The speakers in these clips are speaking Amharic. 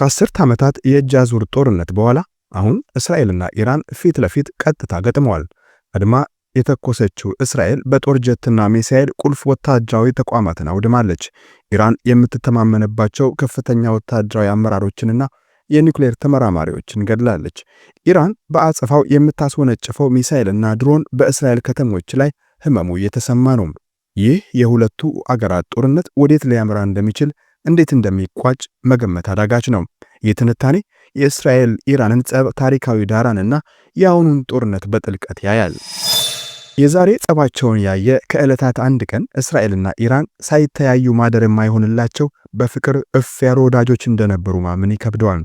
ከአስርት ዓመታት የእጅ አዙር ጦርነት በኋላ አሁን እስራኤልና ኢራን ፊት ለፊት ቀጥታ ገጥመዋል። ቀድማ የተኮሰችው እስራኤል በጦር ጀትና ሚሳኤል ቁልፍ ወታደራዊ ተቋማትን አውድማለች። ኢራን የምትተማመንባቸው ከፍተኛ ወታደራዊ አመራሮችንና የኒውክሌር ተመራማሪዎችን ገድላለች። ኢራን በአጸፋው የምታስወነጭፈው ሚሳኤልና ድሮን በእስራኤል ከተሞች ላይ ህመሙ እየተሰማ ነው። ይህ የሁለቱ አገራት ጦርነት ወዴት ሊያምራ እንደሚችል እንዴት እንደሚቋጭ መገመት አዳጋች ነው። ይህ ትንታኔ የእስራኤል ኢራንን ጸብ፣ ታሪካዊ ዳራንና የአሁኑን ጦርነት በጥልቀት ያያል። የዛሬ ጸባቸውን ያየ ከዕለታት አንድ ቀን እስራኤልና ኢራን ሳይተያዩ ማደር የማይሆንላቸው በፍቅር እፍ ያሉ ወዳጆች እንደነበሩ ማመን ይከብደዋል።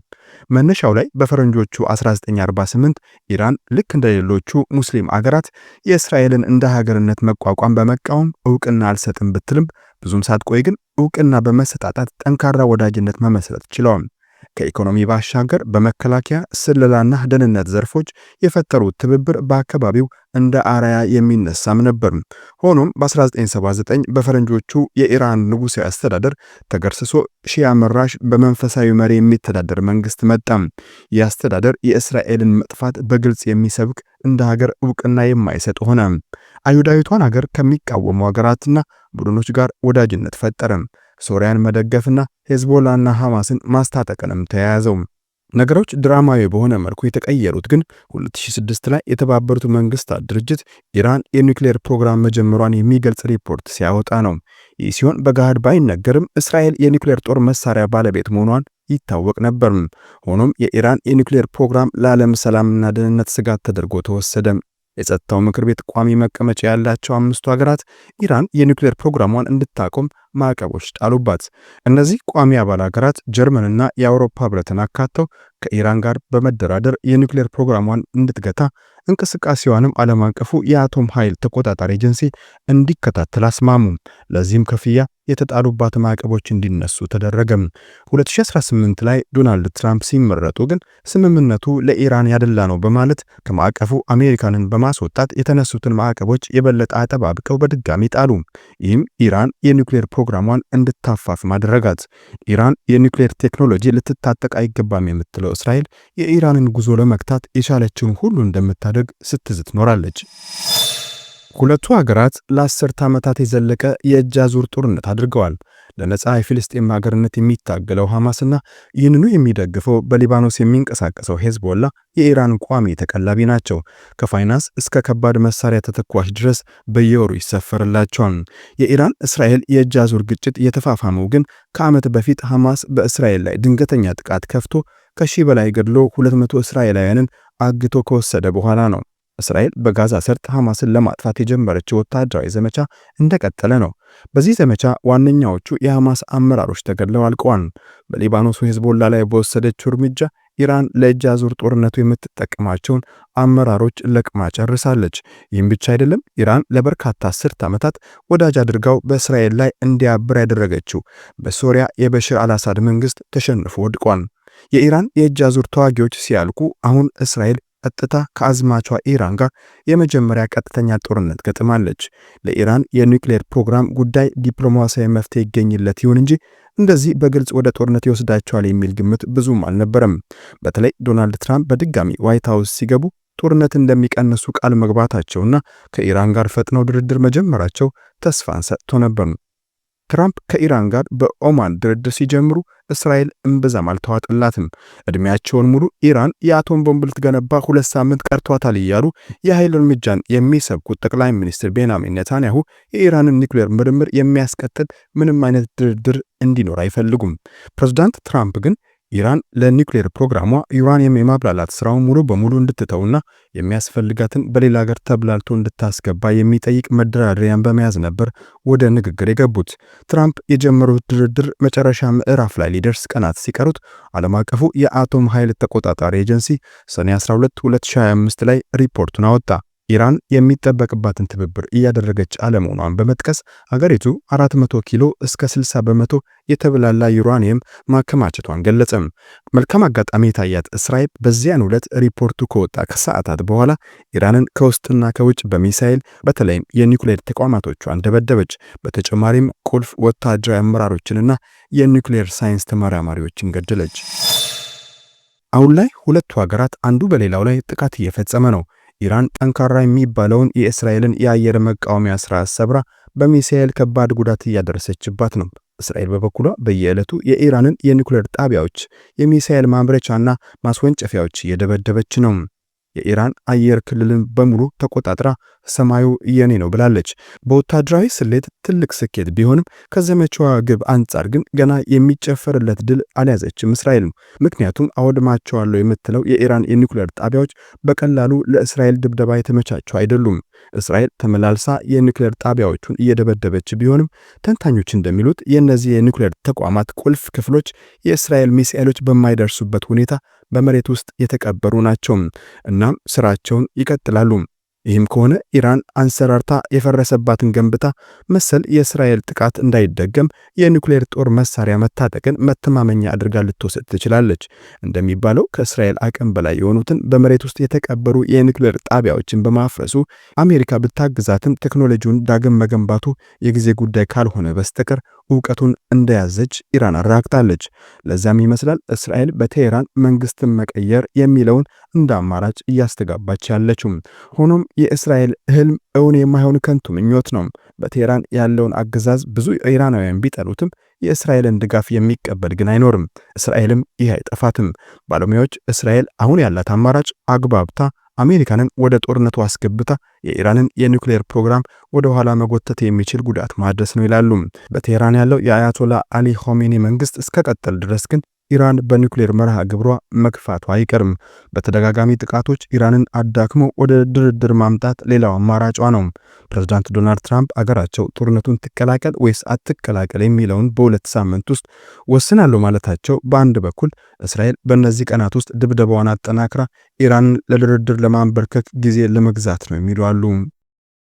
መነሻው ላይ በፈረንጆቹ 1948 ኢራን ልክ እንደሌሎቹ ሙስሊም አገራት የእስራኤልን እንደ ሀገርነት መቋቋም በመቃወም እውቅና አልሰጥም ብትልም ብዙም ሳትቆይ ግን እውቅና በመሰጣጣት ጠንካራ ወዳጅነት መመስረት ችለዋል። ከኢኮኖሚ ባሻገር በመከላከያ ስለላና ደህንነት ዘርፎች የፈጠሩት ትብብር በአካባቢው እንደ አርአያ የሚነሳም ነበር። ሆኖም በ1979 በፈረንጆቹ የኢራን ንጉሣዊ አስተዳደር ተገርስሶ ሺያ መራሽ በመንፈሳዊ መሪ የሚተዳደር መንግስት መጣም። ይህ አስተዳደር የእስራኤልን መጥፋት በግልጽ የሚሰብክ እንደ ሀገር እውቅና የማይሰጥ ሆነ። አይሁዳዊቷን ሀገር ከሚቃወሙ ሀገራትና ቡድኖች ጋር ወዳጅነት ፈጠረም። ሶሪያን መደገፍና ሄዝቦላና ሐማስን ማስታጠቅንም ተያያዘው። ነገሮች ድራማዊ በሆነ መልኩ የተቀየሩት ግን 2006 ላይ የተባበሩት መንግስታት ድርጅት ኢራን የኒውክሌር ፕሮግራም መጀመሯን የሚገልጽ ሪፖርት ሲያወጣ ነው። ይህ ሲሆን በገሃድ ባይነገርም እስራኤል የኒውክሌር ጦር መሳሪያ ባለቤት መሆኗን ይታወቅ ነበር። ሆኖም የኢራን የኒውክሌር ፕሮግራም ለዓለም ሰላምና ደህንነት ስጋት ተደርጎ ተወሰደ። የጸጥታው ምክር ቤት ቋሚ መቀመጫ ያላቸው አምስቱ ሀገራት ኢራን የኒውክሌር ፕሮግራሟን እንድታቆም ማዕቀቦች ጣሉባት። እነዚህ ቋሚ አባል ሀገራት ጀርመንና የአውሮፓ ህብረትን አካተው ከኢራን ጋር በመደራደር የኒውክሌር ፕሮግራሟን እንድትገታ እንቅስቃሴዋንም ዓለም አቀፉ የአቶም ኃይል ተቆጣጣሪ ኤጀንሲ እንዲከታተል አስማሙ። ለዚህም ክፍያ የተጣሉባት ማዕቀቦች እንዲነሱ ተደረገም። 2018 ላይ ዶናልድ ትራምፕ ሲመረጡ ግን ስምምነቱ ለኢራን ያደላ ነው በማለት ከማዕቀፉ አሜሪካንን በማስወጣት የተነሱትን ማዕቀቦች የበለጠ አጠባብቀው በድጋሚ ጣሉ። ይህም ኢራን የኒውክሌር ፕሮግራሟን እንድታፋፍ ማድረጋት ኢራን የኒውክሌር ቴክኖሎጂ ልትታጠቅ አይገባም የምትለው እስራኤል የኢራንን ጉዞ ለመግታት የቻለችውን ሁሉ እንደምታደግ ስትዝት ኖራለች። ሁለቱ ሀገራት ለአስርተ ዓመታት የዘለቀ የእጅ አዙር ጦርነት አድርገዋል። ለነፃ የፊልስጤም ሀገርነት የሚታገለው ሐማስና ይህንኑ የሚደግፈው በሊባኖስ የሚንቀሳቀሰው ሄዝቦላ የኢራን ቋሚ ተቀላቢ ናቸው። ከፋይናንስ እስከ ከባድ መሳሪያ ተተኳሽ ድረስ በየወሩ ይሰፈርላቸዋል። የኢራን እስራኤል የእጅ አዙር ግጭት የተፋፋመው ግን ከዓመት በፊት ሐማስ በእስራኤል ላይ ድንገተኛ ጥቃት ከፍቶ ከሺህ በላይ ገድሎ 200 እስራኤላውያንን አግቶ ከወሰደ በኋላ ነው። እስራኤል በጋዛ ሰርጥ ሐማስን ለማጥፋት የጀመረችው ወታደራዊ ዘመቻ እንደቀጠለ ነው። በዚህ ዘመቻ ዋነኛዎቹ የሐማስ አመራሮች ተገድለው አልቀዋል። በሊባኖሱ ሄዝቦላ ላይ በወሰደችው እርምጃ ኢራን ለእጅ አዙር ጦርነቱ የምትጠቀማቸውን አመራሮች ለቅማ ጨርሳለች። ይህም ብቻ አይደለም። ኢራን ለበርካታ አስርት ዓመታት ወዳጅ አድርጋው በእስራኤል ላይ እንዲያብር ያደረገችው በሶሪያ የበሽር አልአሳድ መንግስት ተሸንፎ ወድቋል። የኢራን የእጅ አዙር ተዋጊዎች ሲያልቁ አሁን እስራኤል ቀጥታ ከአዝማቿ ኢራን ጋር የመጀመሪያ ቀጥተኛ ጦርነት ገጥማለች። ለኢራን የኒውክሌር ፕሮግራም ጉዳይ ዲፕሎማሲያዊ መፍትሄ ይገኝለት ይሁን እንጂ እንደዚህ በግልጽ ወደ ጦርነት ይወስዳቸዋል የሚል ግምት ብዙም አልነበረም። በተለይ ዶናልድ ትራምፕ በድጋሚ ዋይት ሀውስ ሲገቡ ጦርነት እንደሚቀንሱ ቃል መግባታቸውና ከኢራን ጋር ፈጥነው ድርድር መጀመራቸው ተስፋን ሰጥቶ ነበር። ትራምፕ ከኢራን ጋር በኦማን ድርድር ሲጀምሩ እስራኤል እምብዛም አልተዋጥላትም። እድሜያቸውን ሙሉ ኢራን የአቶም ቦምብ ልትገነባ ሁለት ሳምንት ቀርቷታል እያሉ የኃይል እርምጃን የሚሰብኩት ጠቅላይ ሚኒስትር ቤንያሚን ኔታንያሁ የኢራንን ኒውክሌር ምርምር የሚያስቀጥል ምንም አይነት ድርድር እንዲኖር አይፈልጉም። ፕሬዝዳንት ትራምፕ ግን ኢራን ለኒውክሌር ፕሮግራሟ ዩራኒየም የማብላላት ስራውን ሙሉ በሙሉ እንድትተውና የሚያስፈልጋትን በሌላ ሀገር ተብላልቶ እንድታስገባ የሚጠይቅ መደራደሪያን በመያዝ ነበር ወደ ንግግር የገቡት። ትራምፕ የጀመሩት ድርድር መጨረሻ ምዕራፍ ላይ ሊደርስ ቀናት ሲቀሩት ዓለም አቀፉ የአቶም ኃይል ተቆጣጣሪ ኤጀንሲ ሰኔ 12 2025 ላይ ሪፖርቱን አወጣ። ኢራን የሚጠበቅባትን ትብብር እያደረገች አለመሆኗን በመጥቀስ አገሪቱ 400 ኪሎ እስከ 60 በመቶ የተብላላ ዩራኒየም ማከማቸቷን ገለጸም። መልካም አጋጣሚ የታያት እስራኤል በዚያን ዕለት ሪፖርቱ ከወጣ ከሰዓታት በኋላ ኢራንን ከውስጥና ከውጭ በሚሳይል በተለይም የኒውክሌር ተቋማቶቿን ደበደበች። በተጨማሪም ቁልፍ ወታደራዊ አመራሮችንና የኒውክሌር ሳይንስ ተመራማሪዎችን ገደለች። አሁን ላይ ሁለቱ ሀገራት አንዱ በሌላው ላይ ጥቃት እየፈጸመ ነው። ኢራን ጠንካራ የሚባለውን የእስራኤልን የአየር መቃወሚያ ስርዓት ሰብራ በሚሳኤል ከባድ ጉዳት እያደረሰችባት ነው። እስራኤል በበኩሏ በየዕለቱ የኢራንን የኒኩሌር ጣቢያዎች፣ የሚሳኤል ማምረቻና ማስወንጨፊያዎች እየደበደበች ነው። የኢራን አየር ክልልን በሙሉ ተቆጣጥራ ሰማዩ የኔ ነው ብላለች። በወታደራዊ ስሌት ትልቅ ስኬት ቢሆንም ከዘመቻዋ ግብ አንጻር ግን ገና የሚጨፈርለት ድል አልያዘችም እስራኤል። ምክንያቱም አወድማቸዋለሁ የምትለው የኢራን የኒኩሌር ጣቢያዎች በቀላሉ ለእስራኤል ድብደባ የተመቻቸው አይደሉም። እስራኤል ተመላልሳ የኒኩሌር ጣቢያዎቹን እየደበደበች ቢሆንም ተንታኞች እንደሚሉት የእነዚህ የኒኩሌር ተቋማት ቁልፍ ክፍሎች የእስራኤል ሚሳኤሎች በማይደርሱበት ሁኔታ በመሬት ውስጥ የተቀበሩ ናቸው። እናም ስራቸውን ይቀጥላሉ። ይህም ከሆነ ኢራን አንሰራርታ የፈረሰባትን ገንብታ መሰል የእስራኤል ጥቃት እንዳይደገም የኒውክሌር ጦር መሳሪያ መታጠቅን መተማመኛ አድርጋ ልትወስድ ትችላለች። እንደሚባለው ከእስራኤል አቅም በላይ የሆኑትን በመሬት ውስጥ የተቀበሩ የኒውክሌር ጣቢያዎችን በማፍረሱ አሜሪካ ብታግዛትም ቴክኖሎጂውን ዳግም መገንባቱ የጊዜ ጉዳይ ካልሆነ በስተቀር እውቀቱን እንደያዘች ኢራን አረጋግጣለች። ለዚያም ይመስላል እስራኤል በቴሄራን መንግስትን መቀየር የሚለውን እንደ አማራጭ እያስተጋባች ያለችው። ሆኖም የእስራኤል ህልም እውን የማይሆን ከንቱ ምኞት ነው። በቴሄራን ያለውን አገዛዝ ብዙ ኢራናውያን ቢጠሉትም የእስራኤልን ድጋፍ የሚቀበል ግን አይኖርም። እስራኤልም ይህ አይጠፋትም። ባለሙያዎች እስራኤል አሁን ያላት አማራጭ አግባብታ አሜሪካንን ወደ ጦርነቱ አስገብታ የኢራንን የኒውክሌር ፕሮግራም ወደ ኋላ መጎተት የሚችል ጉዳት ማድረስ ነው ይላሉ። በቴህራን ያለው የአያቶላ አሊ ሆሜኒ መንግስት እስከ ድረስ ግን ኢራን በኒውክሌር መርሃ ግብሯ መግፋቱ አይቀርም። በተደጋጋሚ ጥቃቶች ኢራንን አዳክሞ ወደ ድርድር ማምጣት ሌላው አማራጯ ነው። ፕሬዝዳንት ዶናልድ ትራምፕ አገራቸው ጦርነቱን ትቀላቀል ወይስ አትቀላቀል የሚለውን በሁለት ሳምንት ውስጥ ወስናለሁ ማለታቸው በአንድ በኩል እስራኤል በእነዚህ ቀናት ውስጥ ድብደባዋን አጠናክራ ኢራንን ለድርድር ለማንበርከክ ጊዜ ለመግዛት ነው የሚሉ አሉ።